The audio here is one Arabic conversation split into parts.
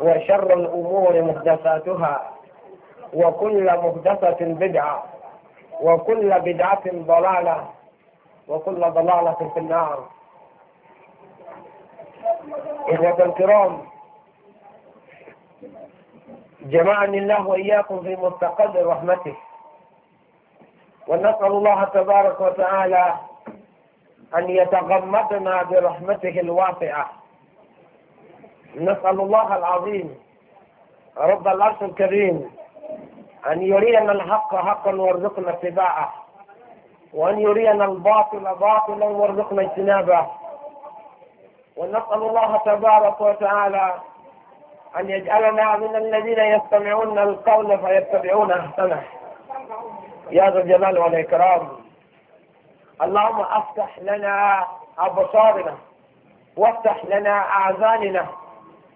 وشر الأمور محدثاتها وكل محدثة بدعة وكل بدعة ضلالة وكل ضلالة في النار إخوة الكرام جمعني الله وإياكم في مستقبل رحمته ونسأل الله تبارك وتعالى أن يتغمدنا برحمته الواسعة نسأل الله العظيم رب العرش الكريم أن يرينا الحق حقا وارزقنا اتباعه وأن يرينا الباطل باطلا وارزقنا اجتنابه ونسأل الله تبارك وتعالى أن يجعلنا من الذين يستمعون القول فيتبعون أحسنه يا ذا الجلال والإكرام اللهم افتح لنا أبصارنا وافتح لنا أعزاننا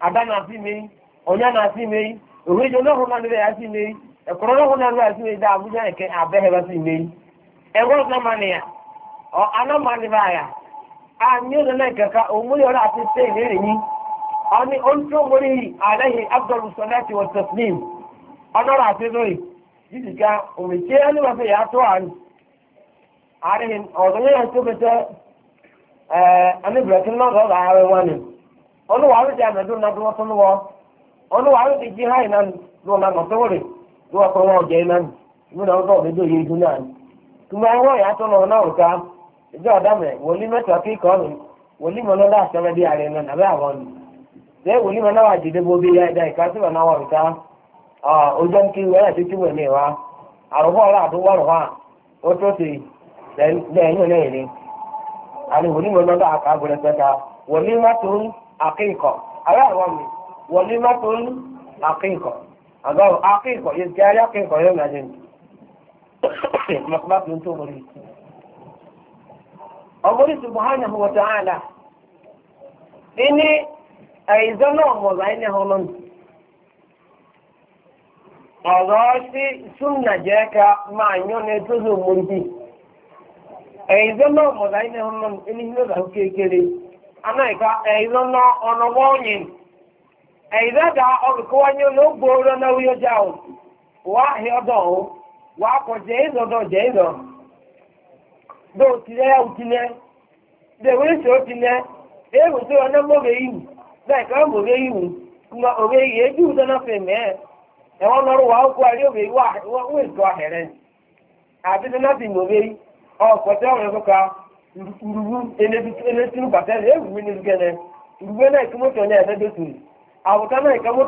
ada na-asị mee onye na-asị mee oweji onye ọhụrụ na-anụrụ ya mee ekọrọ onye ọhụrụ na-anụrụ ya asị mee daa abụja eke abeghere asị mee enwe ọzọ ya ọ anọ ya anyị ụzọ na-eke ka ọrụ asị na-enyi ọnị onye omuli yi anaghị abdul salati wa taslim ọnọrọ asị zoyi jiji ka omechie onye wasị ya atụ anyị ọzọ ya ee anyị bụrụ ekele n'ọzọ olúwa ló ti àgbẹ̀dú náà tí wọ́n tún wọ́ olúwa ló ti jí háì náà ló ń lànà tó rè ló wọ́n pẹ́ wọ́n ọ̀jẹ̀ náà ní ìmúdà wọn bọ̀ lójú òye ìdún náà ní. tùmọ̀ ẹ̀rọ ìyá tó lọ náà ká ìjọ ọ̀dàmẹ̀ wòlí mẹ́ta kí kọ́ ni wòlí mọ̀ náà láti sẹ́mẹ́dí ààrẹ náà nàbẹ́ àwọn ni. ṣé wòlí mọ̀ náà wà dìde bó bí ẹ̀dá ìkásíwọ̀ náà wọ̀n ká ojú ń kí wẹ́rẹ́ tó ti wẹ̀ ní wa àrùbọ̀ ọ̀rọ̀ àdúgbò ọ̀rọ̀ wa ó tó ti ni. náà àkàgbọ̀rẹ̀ pẹ́ta aqiiqo ayaa wami walimatun aqiiqo adoon aqiiqo iyo gaari aqiiqo yo maadin maqbaad luntu bari omori subhanahu wa ta'ala ini aizo náà mọ̀lá ẹni ọlọ́n ọ̀rọ̀ sí súnà jẹ́ ká máa yán ní tó lò mórí bí aizo náà anaghịkwa ịzọ nọ ọnọgbọ onye ịzọ da ọgụkọwanye n'ogbo ụlọ na onye ọjọọ ahụ wa ahịa ọdọ ọhụụ. wa akọ jee ịzọ dọ dọ otile ya otile dọ ewere si otile na na eji ụzọ na wa ti urubu enebi enetiru bàtẹ ẹ ewu ni gẹlẹ urubu ẹ náà kí mọtò ní ẹfẹ dọtò àwòká náà kí mọtò.